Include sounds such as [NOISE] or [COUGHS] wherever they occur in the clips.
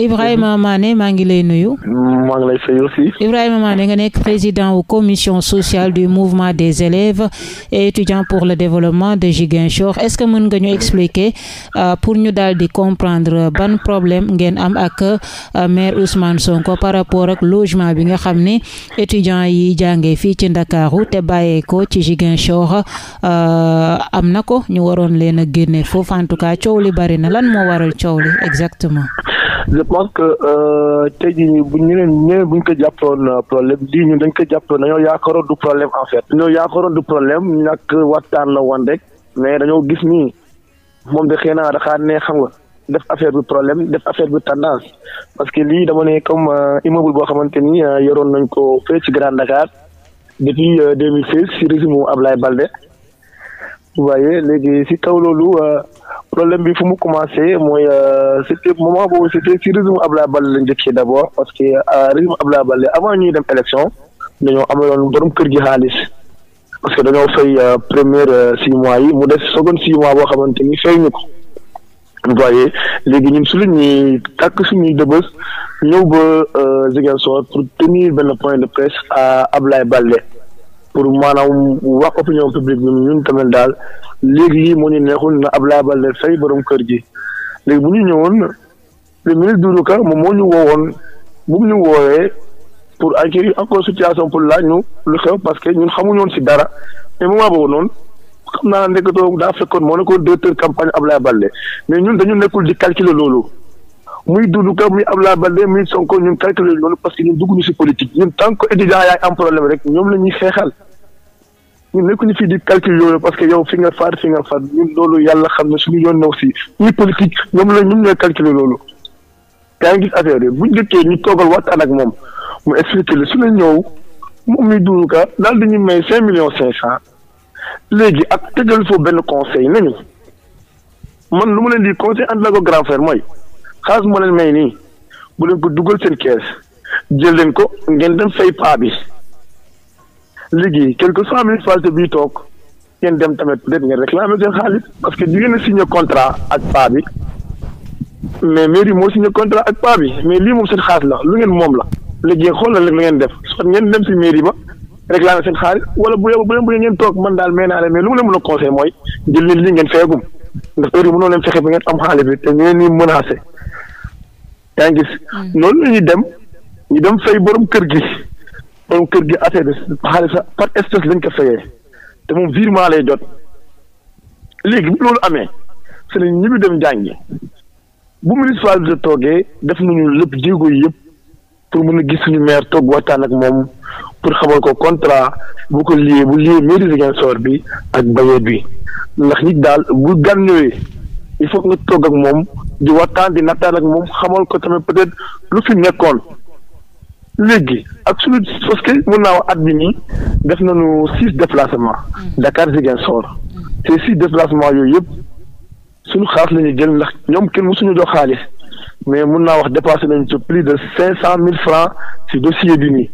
Ibrahima Mané maa ngi lay nuyu. maa ngi lay nga nekk président wu commission sociale du mouvement des élèves et étudiants pour le développement de Ziguinchor est-ce que mën nga ñu expliquer euh, pour ñu daal di comprendre euh, ban problème ngeen am ak euh, maire Ousmane Sonko par rapport ak logement bi nga xam ne étudiants yi jàngee fii ci Ndakaaru te bàyyee ko ci Ziguinchor am na ko ñu waroon leen a génne foofu en tout cas coow li bari na lan moo waral coow li exactement. je pense que euh, tey jii ñu bu ñeneen ñeneen bu ñu ko jàppoon euh, problème lii ñun dañ ko jàppoon dañoo yaakaaroon du problème en fait. dañoo yaakaaroon du problème ñàkk waxtaan la woon rek mais dañoo gis ni moom de xëy naa dafa ne xam nga. def affaire bi problème def affaire bi tendance parce que lii dama ne comme euh, immeuble boo xamante ni yoroon nañ ko fee ci Grand Dakar depuis 2016 ci régime Ablaye Balde vous léegi si kaw loolu euh, problème bi fu mu commencé mooy euh, c'était moment boobu c'était si régime Abdoulaye Baldé lañ njëkkee d'abord parce que euh, régime Abdoulaye Baldé avant ñuy dem élection dañoo ameloon borom kër gi xaalis parce que dañoo fay première six mois yi mu des second six mois boo xamante ni fay ñu ko vous voyez léegi ñun su la ñuy tàkk suñuy dëbës ñëw ba Ziguinchor pour tenir benn point de presse à Abdoulaye Baldé pour maanaam wax opinion publique bi ñun tamit daal léegi lii moo ñu neexul na Abdoulaye Baldé Faye borom kër gi léegi bu ñu ñëwoon le ministre Doudou Ka moom moo ñu woowoon bu mu ñu woowee pour acquérir encore situation pour laaj ñu lu xew parce que ñun xamuñoon ci dara mais moment boobu noonu xam naa nekkatoo daa fekkoon moo nekkoon directeur campagne Abdoulaye Baldé mais ñun dañu nekkul di calculer loolu. muy Doudou Ka muy Abdoulaye Baldé muy Sonko ñun calculé loolu parce que ñun dugg ñu si politique ñun tant que étudiant yaay am problème rek ñoom la ñuy xeexal ñun nekkuñu fii di calcul yooyu parce que yow fi nga faat fi nga faat loolu yàlla xam ne suñu yoon naw si ñuy ñoom la ñun ñooy calculer loolu kaa ngi gis affaire yi buñ dëkkee ñu toogal waxtaan ak moom mu expliqué la su la ñëw moom mi Doudou Ka daal dañuy may cinq millions cinq cent léegi ak tëgal foofu benn conseil nañu man lu ma leen di conseil ànd la ko xaalis moo leen may nii bu leen ko dugal seen kees jël leen ko ngeen dem fay paa bi léegi quelque cent mille falté bii toog ngeen dem tamit peut-être ngeen réclamer seen xaalis parce que di ngeen a signé contrat ak paa bi mais mairie moo signé contrat ak paa bi mais lii moom seen xaalis la lu ngeen moom la léegi xool na rek la ngeen def soit ngeen dem si mairie ba réclamer seen xaalis wala bu yóbbu bu leen bu ngeen toog man daal may naa leen mais lu mu leen mën a conseil mooy jël leen ngeen am xaalis bi te yaa ngi gis. Hmm. noonu la ñuy dem ñu dem fay boroom kër gi borom kër gi assez de xaalis lañ ko fayee te moom virement lay jot léegi bu loolu amee su ne ñi dem jàngi bu municipalité toogee def nañu lépp jéego yi yëpp pour mën a gis suñu maire toog waxtaan ak moom pour xamal ko contrat bu ko lié bu lié mairie Ziguinchor bi ak bailleur bi ndax nit daal bu gan ñëwee. il faut que nga toog ak moom di waxtaan di nattaan ak moom xamal ko tamit peut-être lu fi nekkoon léegi ak su parce que mun naa at bi nii def nañu six déplacements mm. Dakar Ziguinchor te six déplacements yooyu yëpp suñu xaalis la ñuy jël ndax ñoom kenn suñu jox xaalis mais mun naa wax dépassé nañu ci plus de cinq cent mille francs ci dossier bi nii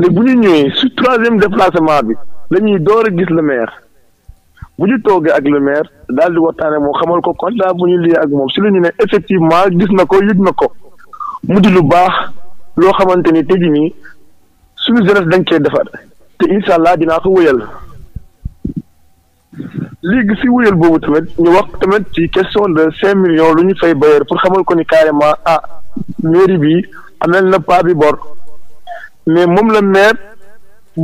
léegi bu ñëwee su troisième déplacement bi lañuy ñuy door a gis le maire. bu ñu toogee ak le maire daal di waxtaanee moom xamal ko contrat bu ñu liyee ak moom si lu ñu ne effectivement gis na ko yëg na ko mu di lu baax loo xamante ni tey jii nii suñu jeunesse dañ kee defar te incha allah dinaa ko wëyal léegi si wëyal boobu tamit ñu wax tamit ci question de cinq millions lu ñu fay bailleur pour xamal ko ni carrément ah mairie bi amel na pas bi bor mais moom la maire.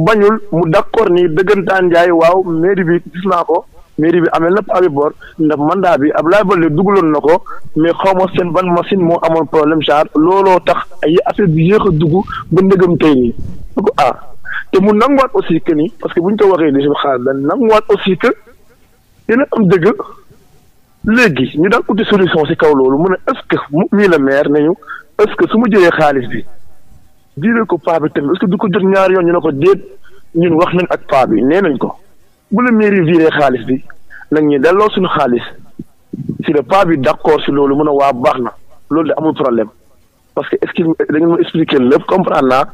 bañul mu d'accord nii dëggantaan Ndiaye waaw mairie bi gis naa ko mairie bi amee na Habib Bor ndax mandat bi Abdoulaye Baldé dugaloon na ko mais xaw ma seen ban machine moo amoon problème genre looloo tax ay affaire bi yéex a dugg ba ndëgam tey nii ko ah te mu nanguwaat aussi que nii parce que bu ñu ko waxee li si xaar dañ nanguwaat aussi que dina am dëgg léegi ñu daal uti solution si kaw loolu mu ne est-ce mu mii la nañu est-ce que su ma jëlee xaalis bi. diiree ko paa bi tamit est-ce que du ko jot ñaari yoon ñu ne ko déet ñun wax nañ ak paa bi nee nañ ko bu la mairie viré xaalis bi nag ñu delloo suñu xaalis si le paa bi d'accord si loolu mën a waa baax na loolu de amul problème parce que est-ce que dañu ma expliquer lépp comprendre naa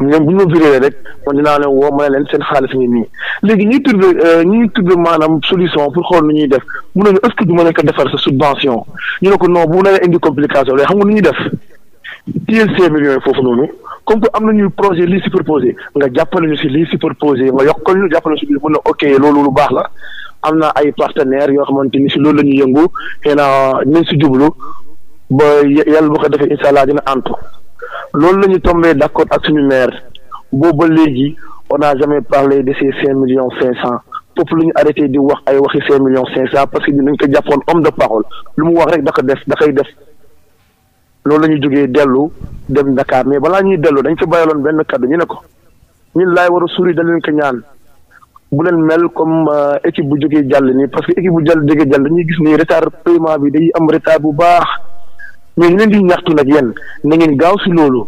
ñoom bu ñu ma rek man dinaa leen woo ma ne leen seen xaalis ngi nii léegi ñuy tudde euh, ñu tudde maanaam solution pour xool nu ñuy def mun nañu est-ce ma nekk defar sa subvention ñu ne ko non bu mu indi complication loolu xam nga nu ñuy def teel cinq foofu noonu. comme que am nañu projet lii superposé nga jàppale ñu si lii superposé nga yokkal ñu jàppale si biir ok loolu lu baax la am na ay partenaire yoo xamante ni si loolu la ñuy yëngu xëy na dinañ si jublu ba yàlla boo ko defee incha dina antu loolu la ñu tombé d' accord ak suñu maire boobu ba léegi on n'a jamais parlé de ces cinq millions cinq cent foofu lu ñu arrêté di wax ay waxi cinq millions cinq cent parce que dinañ ko jàppoon homme de parole lu mu wax rek da ko def da koy def. loolu la ñuy jógee dellu dem Dakar mais balaa ñuy dellu dañ fi bayaloon benn kaddu ñu ne ko ñun laay war a suur yi da leen ko ñaan bu leen mel comme euh, équipe bu jógee jàll nii parce que équipe bu jàll jógee jàll dañuy gis ni retard paiement bi day am retard bu baax mais ñu leen di ñaxtu nag yéen na ngeen gaaw si loolu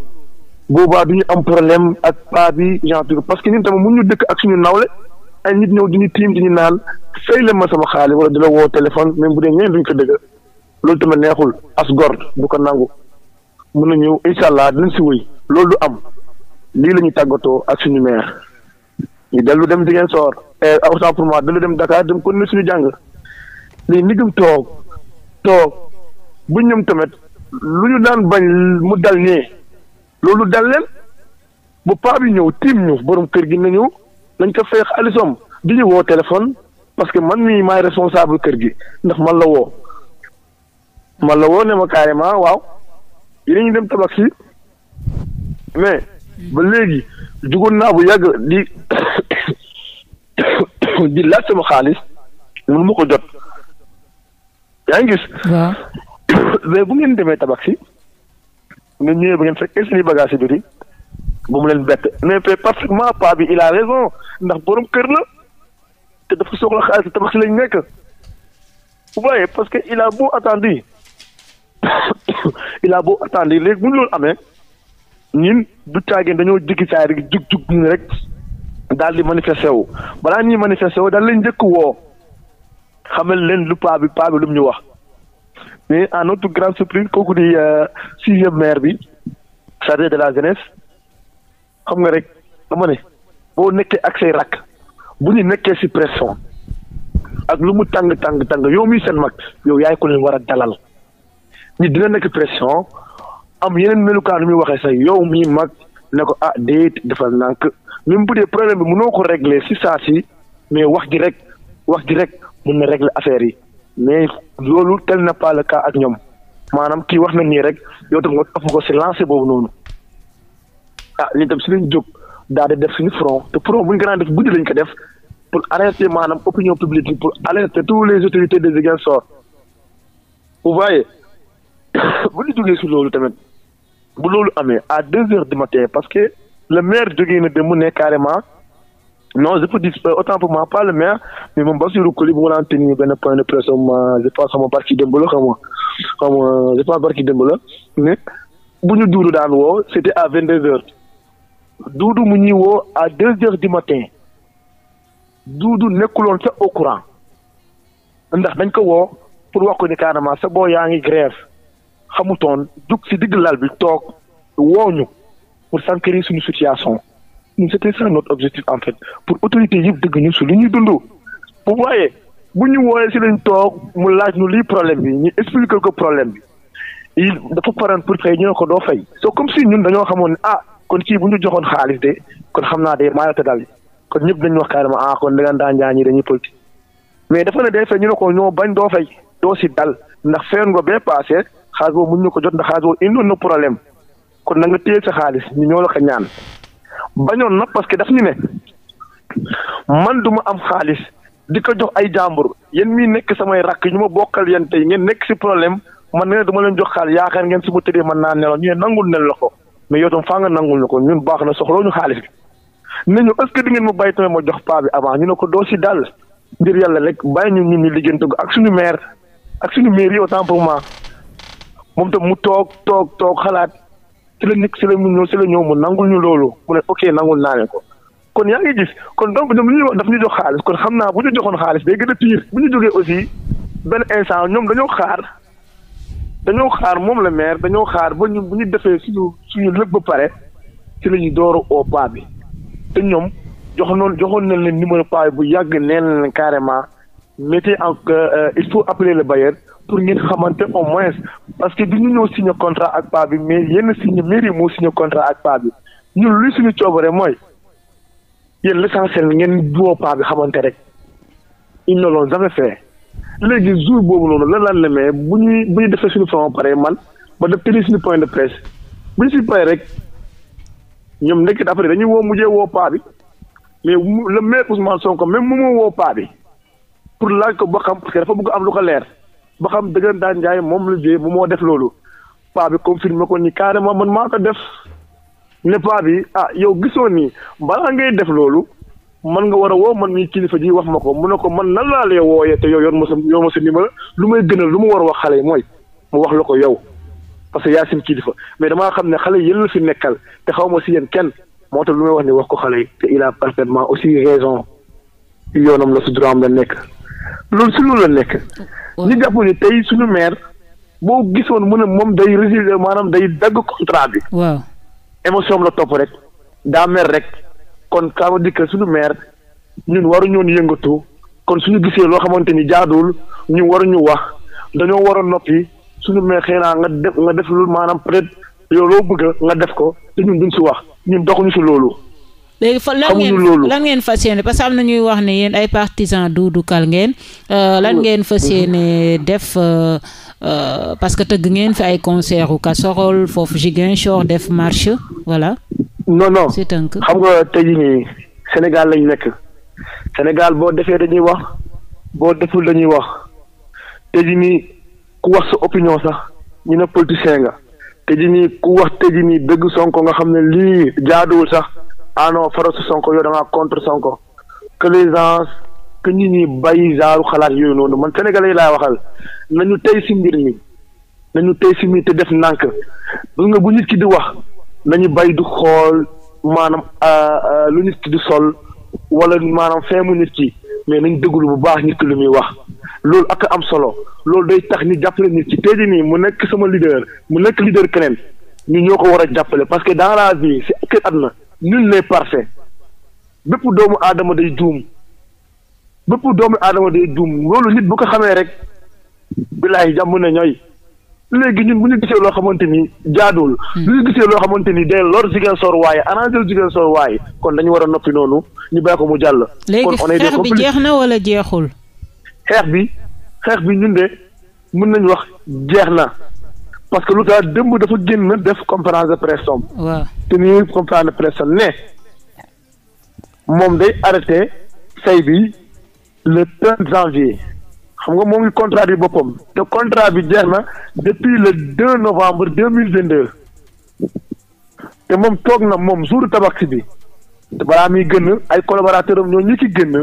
boobaa du ñu am problème ak paa bi genre parce que ñun tamit mun ñu dëkk ak suñu nawle ay nit ñëw di ñu tiim di ñu naan fay la ma sama xaalis wala di la woo téléphone même bu dee ñeneen duñ ko dëgg loolu tamit neexul as gor du ko nangu. mën na ñëw incha allah dinañ si wéy loolu am lii la ñuy tàggatoo ak suñu maire ñu dellu dem Ziguinchor et autant pour moi lu dem Dakar dem continuer suñu jàng lii ndigum toog toog bu ñëm tamit lu ñu daan bañ mu dal ñee loolu dal leen bu bi ñëw tiim ñu borom kër gi nañu nañ ko feex xaalisom di ñu woo téléphone parce que man mii may responsable kër gi ndax man la woo man la woo ne ma carrément waaw. yéen ñu dem tabaski mais ba léegi jugoon naa bu yàgg di [COUGHS] di laaj sama xaalis mënu ma ko jot yaa ngi gis. [COUGHS] mais bu ngeen demee tabaski nga ñëwee ba ngeen fekk seen i bagage yu bëri ba mu leen bett mais parfaitement pas bi il a raison ndax borom kër la te dafa soxla xaalis tabaski lañ nekk vous voyez parce que il a beau attendu. [COUGHS] il a beau léegi bu loolu amee ñun du caagin dañoo jiggi saa rek jug rek daal di manifester wu balaa ñuy manifester wu daal lañ njëkk woo xamal leen lu paa bi lu mu ñu wax mais en notre grande surprise kooku di euh, sixième maire bi chargé de la jeunesse xam nga rek dama ne boo nekkee ak say rakk bu ñu nekkee ci pression ak lu mu tàng tàng tàng yow mi seen mag yow yaay ko leen war a dalal nit dina nekk pression am yeneen melukaan yu muy waxee sax yow mii mag ne ko ah déet defal nànk même bu dee problème bi mënoo ko régler si saa si mais wax ji rek wax ji rek mën na régler affaire yi mais loolu tel na pas le ak ñoom maanaam kii wax na nii rek yow tam nga topp ko si lancé boobu noonu ah ñun tam si lañ jóg daal di def ñu front te front bu ñu gën def guddi lañ ko def pour alerter maanaam opinion publique bi pour alerter tous les autorités de Ziguinchor vous [COUGHS] bu ñu jógee si loolu tamit bu loolu amee à deux heures du matin parce que le maire jógee na dem mu ne carrément non je peux dire euh, autant pour moi pas le maire mais moom ba Koli bu ma daan tenir benn point de presse am je pense sama barki démb la xam nga xam nga je pense barki démb la mais bu ñu duudu daan woo c' à vingt deux heures duudu mu ñuy woo à deux heures du matin duudu nekkuloon sa au courant ndax dañ ko woo pour wax ko ni carrément sa boo yaa ngi grève. xamutoon jug si digg lal bi toog wooñu pour s'enquérir suñu situation ñun c'était ça notre objectif en fait pour autorité yëpp dëgg ñu su lu ñuy dund bu waaye bu ñu wooyee si lañ toog mu laaj nu lii problème bi ñu expliquer ko problème bi dafa paran pour fay ñu ne ko doo fay soo comme si ñun dañoo xamoon ne ah kon kii bu ñu joxoon xaalis de kon xam naa de maa yote dal kon ñëpp dañu wax carrément ah kon da nga daan ñaan ñi dañuy politique mai dafa ne day ñu ne ko ñoo bañ doo fay doo si dal ndax feeñ nga bee paase xaalis boobu mun ñu ko jot ndax xaalis boobu indoon na problème kon na nga téye sa xaalis ñu ñoo la a ñaan bañoon na parce que daf ñu ne man duma am xaalis di ko jox ay jàmbur yéen mii nekk samay rakk ñu ma bokkal yéen tey ngeen nekk si problème man nee na duma leen jox xaalis yaakaar ngeen su ma tëddee mën naa nelaw ñu ne nangul nel la ko mais yow tam faa nga nangul ñu ko ñun baax na soxloo ñu xaalis bi ne ñu est ngeen ma bàyyi tamit ma jox paa bi avant ñu ne ko doo si dal ngir yàlla rek bàyyi ñu ñu liggéeyantu ak suñu ak suñu maire yow temps pour moom tam mu toog toog toog xalaat ci la nekk ci la mu ñëw ci la ñëw mu nangul ñu loolu mu ne ok nangul naa leen ko kon yaa ngi gis kon donc ñoom li ñuy daf ñu jox xaalis kon xam naa bu ñu joxoon xaalis day gën a tiir bu ñu jógee aussi benn instant ñoom dañoo xaar dañoo xaar moom la maire dañoo xaar ba ñu bu ñu defee suñu suñu lépp ba pare ci la ñuy dooru au bi te ñoom joxoon noonu joxoon nañ leen numéro pas bu yàgg nee na leen carrément mettez en euh, euh, il faut appeler le bailleur pour ngeen xamante au moins parce que bi ñu ñëw signé contrat ak paa bi mais yenn signé mairie moo signé contrat ak paa bi ñun luy suñu coobare mooy yéen l'essentiel ngeen woo paa bi xamante rek ils ne l'ont jamais fait léegi jour boobu noonu lan lan lemee bu ñuy bu ñu defee suñu fond pare man ba def tenir suñu point de presse bu ñu si pare rek ñoom nekk après dañuy woo mujjee woo paa bi mais le maire Ousmane Sonko même mu moo woo paa bi pour laaj ko ba xam parce que am lu ko leer ba xam dëggantaan Ndiaye moom la jiyee moom moo def loolu paa bi confirmé ko ni carrément man maa ko def ne paa bi ah yow gisoo nii balaa ngay def loolu man nga war a woo man mii kilifa ji wax ma ko mu ne ko man nan laa lay wooyee te yow yoon ma sa yoon ma sa numéro lu may gënal lu ma war a wax xale yi mooy mu wax la ko yow parce que yaa seen kilifa mais damaa xam ne xale yéen la fi nekkal te xaw ma si yéen kenn moo tax lu may wax ni wax ko xale yi te il a aussi raison yoonam la su am la nekk nekk. ñu jàpp ne tey suñu maire boo gisoon mu ne moom day résilé maanaam day dagg contrat bi. waaw émotion la topp rek daa mer rek kon ça dikk suñu maire ñun waruñoon yëngatu kon suñu gisee loo xamante ni jaaduwul ñu waruñu wax dañoo war a noppi suñu meer xëy naa nga def nga def lu maanaam peut-être loo bëgg nga def ko te ñun duñ si wax ñun doxuñu si loolu. léegi fa lan ngeen lan ngeen fas yéene parce que am na ñuy wax ne yéen ay partisan Doudou Ka ngeen euh, lan ngeen fas ne def euh, euh, parce que tëgg ngeen fi ay concert u Casserole foofu Ziguinchor def marche voilà non non si tënk xam nga tëj nii Sénégal lañ nekk Sénégal boo defee dañuy wax boo deful dañuy wax tey nii ku wax sa opinion sax ñu ne politicien nga tey nii ku wax tey nii dëgg Sonko nga xam ne lii jaaduwul sax ah non faral si Sonko yow da contre Sonko que les gens que nit ñi genre xalaat yooyu noonu man sénégalais laa waxal nañu tey si mbir mi nañu tey si mbir te def nànk bu nga bu nit di wax nañu bàyyi du xool maanaam ah, ah, lu nit ki di sol wala maanaam feemu nit ki mais nañ déglu bu baax nit lu muy wax loolu ak am solo loolu day tax ñu jàppale nit ki tey jii nii mu nekk sama leader mu nekk leader keneen ñu ñoo ko war a jàppale parce que dans la vie si kër àdduna nul n'est parfait bépp doomu aadama de juum bépp doomu aadama de juum loolu nit bu ko xamee rek bilaay jàmm ne ñooy léegi ñun bu ñu gisee loo xamante ni jaaduwul. Hmm. bu ñu gisee loo xamante ni day lor Ziguinchor waaye arrangé Ziguinchor waaye kon dañu war a noppi noonu ñu bàyyi ko mu jàll. kon léegi xeex bi jeex na wala jeexul. xeex bi xeex bi ñun de mën nañu wax jeex na parce que lu tax démb dafa génn def conférence de presse. waaw tenir conférence de presse ne moom day arrêté say bi le 30 janvier xam nga moom ngi contrat bi boppam te contrat bi jeex na depuis le 2 novembre deux mille 2022 te moom toog na moom jour tabaski bi balaa muy gën ay collaborateur am ñoo ñu ki génn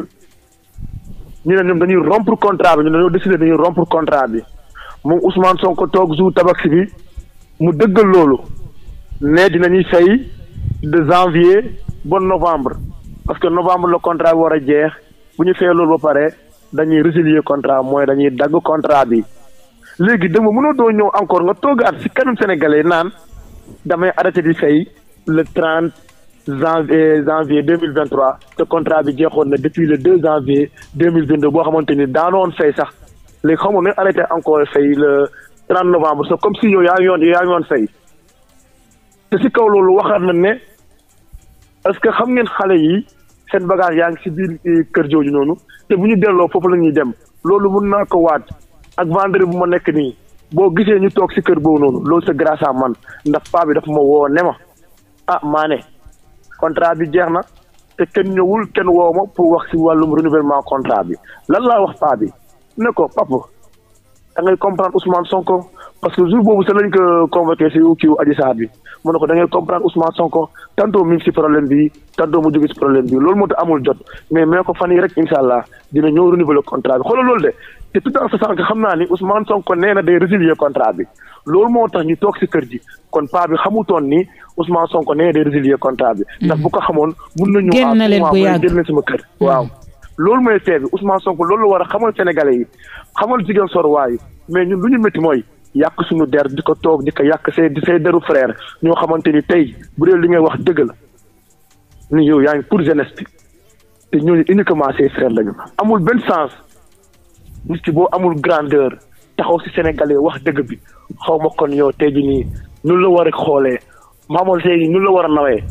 ñu ne ñoom dañuy rompre contrat bi ñu dañoo décider dañuy rompre contrat bi moom Ousmane Sonko toog jour tabaski bi mu dëggal loolu ne ñuy fay de janvier bon novembre parce que novembre la contrat war a jeex bu ñu fayee loolu ba pare dañuy résilier contrat mooy dañuy dagg contrat bi léegi dama mënoo doon ñëw encore nga toog at si kanam sénégalais naan damay arrêté di fay le trente janvier janvier deux mille vingt trois te contrat bi jeexoon na depuis le deux janvier deux mille vingt deux boo xamante ni daanoon fay sax léegi xam nga arrêté encore fay le trente novembre c'est si yow yoon yaa ngi yoon te si kaw loolu waxaat na ne parce que xam ngeen xale yi seen bagage yaa ngi si biir eh, kër jooju noonu te bu ñu delloo foofu la ñuy dem loolu mun naa ko waat ak vendredi bu ma nekk nii boo gisee ñu toog si kër boobu noonu loolu c'est grâce man ndax paa bi dafa ma woo ne ma ah maane contrat bi jeex na te kenn ñëwul kenn woo ma pour wax si wàllum renouvellement contrat bi lan laa wax paa bi ne da ngay comprendre Ousmane Sonko parce que jour boobu sax lañ ko convoqué si kiiwu Adji Sarr bi mu ne ko da comprendre Ousmane Sonko tantôt mi ngi problème bi tantôt mu jóge si problème bi loolu moo tax amul jot mais mais ko fan yi rek incha allah dina ñëw renouveler contrat bi xoolal loolu de te tout en sachant que xam naa ni Ousmane Sonko nee na day résilier contrat bi loolu moo tax ñu toog si kër ji kon paa bi xamutoon ni Ousmane Sonko nee na day résilier contrat bi. ko xamoon mun nañu. génn na loolu mooy fee bi Ousmane Sonko loolu la war a xamal sénégalais yi xamal jigéen sor waayu mais ñun lu ñu métti mooy yàq suñu der di ko toog di ko yàq say say deru frère ñoo xamante ni tey bu dee li ngay wax dëgg la ni yow yaa ngi pour jeunesse bi te ñooñu uniquement say frère amul benn sens nit ki boo amul grandeur taxaw si sénégalais wax dëgg bi xaw ma kon yow tey jii nii ñun la war a xoolee maamoon tey ñun la war a nawee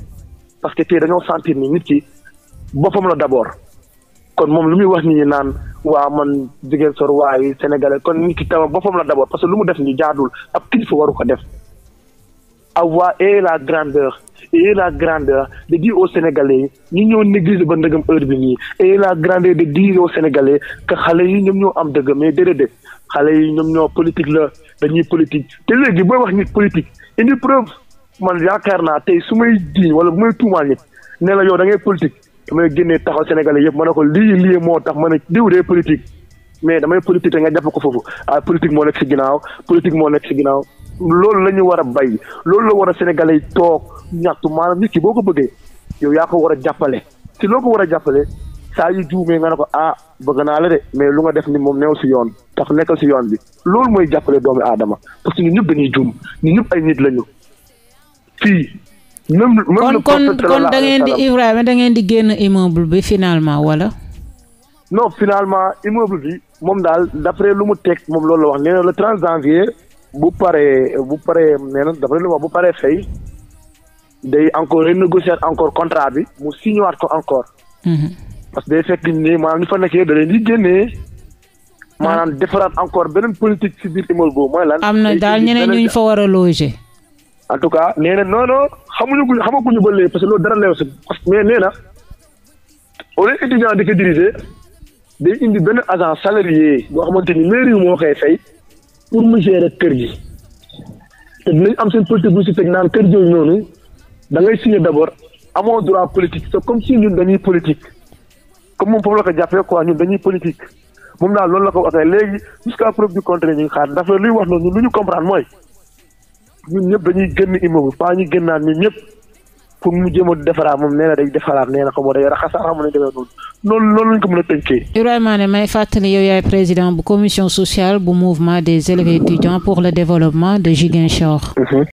parce que tey dañoo sentir ni nit ki boppam la d'abord. kon moom lu muy wax nii naan waa man jigéen sor waayu sénégalais kon nit ki tamit boppam la d'abord parce que lu mu def nii jaadul ab kilifa waru ko def avoir et la grandeur et la grandeur de dire au Sénégalais yi ñu ñoo négligé ba ndëgam heure bi nii et la grandeur de dire aux Sénégalais que xale yi ñoom ñoo am dëgg mais déedéet xale yi ñoom ñoo politique la dañuy politique te léegi booy wax nit politique indi preuve man yaakaar naa tey su may diiñ wala bu may tuumaal nit ne la yow da politique su may génnee taxaw Sénégalais yëpp ma ne ko lii lii moo tax ma ne diw dee politique mais damay politique te nga jàpp foofu ah politique moo nekk si ginnaaw moo nekk si ginnaaw loolu la ñu war a bay loolu la war a Sénégalais yi toog ñaxtu maanaam nit ki boo ko bëggee yow yaa ko war a jàppale si loo ko war a jàppale saa yu juumee nga ne ko ah bëgg naa la de mais lu nga def nii moom neew si yoon tax nekkal si yoon bi loolu mooy jàppale doomu aadama parce que ñun ñëpp dañuy juum ñu ñëpp ay nit lañu fii même même kon kon da ngeen di Ibrahima da ngeen di génn immeuble bi finalement wala. non finalement immeuble bi moom daal d'après lu mu teg moom loolu la wax nee na le 30 janvier bu paree bu paree nee na d'après lu mu wax bu paree fay day encore renégocier encore contrat bi mu signé ko encore. Mhm. parce que day fekk ni maanaam ñu fa nekkee da leen di génnee. maanaam defaraat encore beneen politique ci biir immeuble boobu mooy lan. am na daal ñeneen ñu fa war a loger. en tout cas nee na non non xamuñu ko xamaguñu ba léegi parce que loolu dara lay wax parce que mais nee na au lieu étudiant di ko indi benn agent salarié boo xamante ni mairie moo koy fay pour mu gérer kër gi te dinañ am seen politique bu si teg naan kër jooju noonu da ngay signé d' abord amoo droit politique te comme si ñun dañuy politique comme moom foofu la ko jàppee quoi ñun dañuy politique moom daal loolu la ko waxee léegi jusqu'à preuve du contraire ñu ngi xaar wax noonu lu ñu comprendre mooy. ñun ñëpp dañuy génn immeuble pas ñu génnaat ñun ñëpp pour mu jéem a defaraat moom nee na day defaraat nee na ko moo day raxasaat xam ne demee noonu noonu loolu lañ ko mën a tënkee. Ibrahima Né may fàttali yow yaay président bu commission sociale bu mouvement des élèves étudiants pour le développement de Ziguinchor. Mm-hmm.